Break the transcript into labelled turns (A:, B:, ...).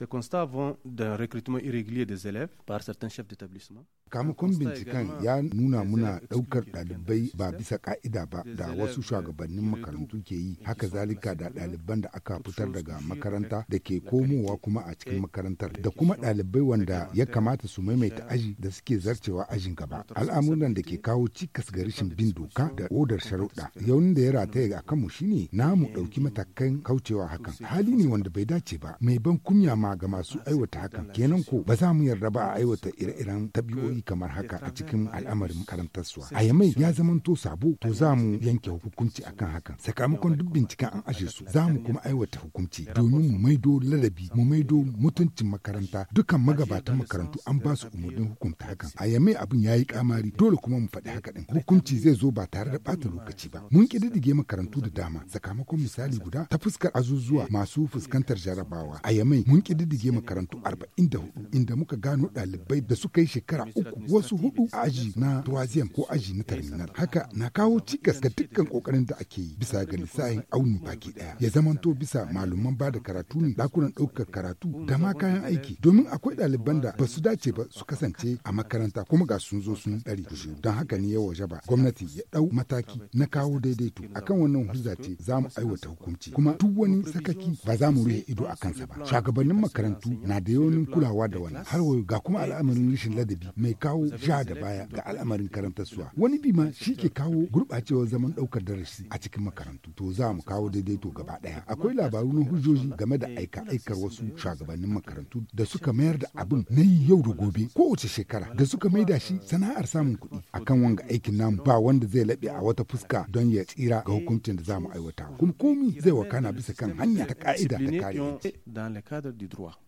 A: Ces constat vont d'un recrutement irrégulier des élèves par certains chefs d'établissement. kamakon binciken ya nuna muna daukar dalibai ba bisa ka'ida ba da wasu shugabannin makarantu ke yi haka zalika da daliban da aka fitar daga makaranta da ke komowa kuma a cikin makarantar da kuma dalibai wanda ya kamata su maimaita aji da suke zarcewa ajin gaba al'amuran da ke kawo cikas ga rashin bin doka da odar sharuɗa yaunin da ya rataye a kanmu shine namu ɗauki matakan kaucewa hakan hali ne wanda bai dace ba mai ban kunya ma kama ga masu aiwata hakan kenan ko ba za mu yarda ba a aiwata ire-iren tabi'o'i kamar haka a cikin al'amarin karantar suwa a yamai ya zamanto sabo to za mu yanke hukunci akan hakan sakamakon duk binciken an ashe su za mu kuma aiwata hukunci domin mu maido ladabi mu maido mutuncin makaranta dukan magabatan makarantu an ba su umarnin hukunta hakan a yamai abin ya yi kamari dole kuma mu faɗi haka din hukunci zai zo ba tare da ɓata lokaci ba mun ƙididdige makarantu da dama sakamakon misali guda ta fuskar azuzuwa masu fuskantar jarabawa a yamai mun ƙididdige makarantu hudu inda muka gano dalibai da suka yi shekara uku wasu hudu a aji na tuwaziyam ko aji na terminal haka na kawo cikas ga dukkan kokarin da ake yi bisa ga lissahin auni baki daya. ya zamanto bisa malaman ba da karatu ne ɗakunan ɗaukar karatu da ma kayan aiki domin akwai daliban da ba su dace ba su kasance a makaranta kuma ga sun zo sun dari. don haka ne ya waje ba gwamnati ya dau mataki na kawo daidaito akan wannan hujja ce za mu aiwata hukunci kuma duk wani sakaki ba za mu rufe ido a kansa ba shugabannin makarantu na da yawanin kulawa da wani har wayo ga kuma al'amarin rashin ladabi mai kawo sha da baya ga al'amarin suwa wani bi ma shi ke kawo gurɓacewar zaman ɗaukar darasi a cikin makarantu to za mu kawo daidaito gaba ɗaya akwai labaru na hujjoji game da aika aikar wasu shugabannin makarantu da suka mayar da abin na yi yau da gobe kowace shekara da suka da shi sana'ar samun kuɗi akan wanga aikin namu ba wanda zai laɓe a wata fuska don ya tsira ga hukuncin da za mu aiwata kuma komi zai wakana bisa kan hanya ta ka'ida da kare droit.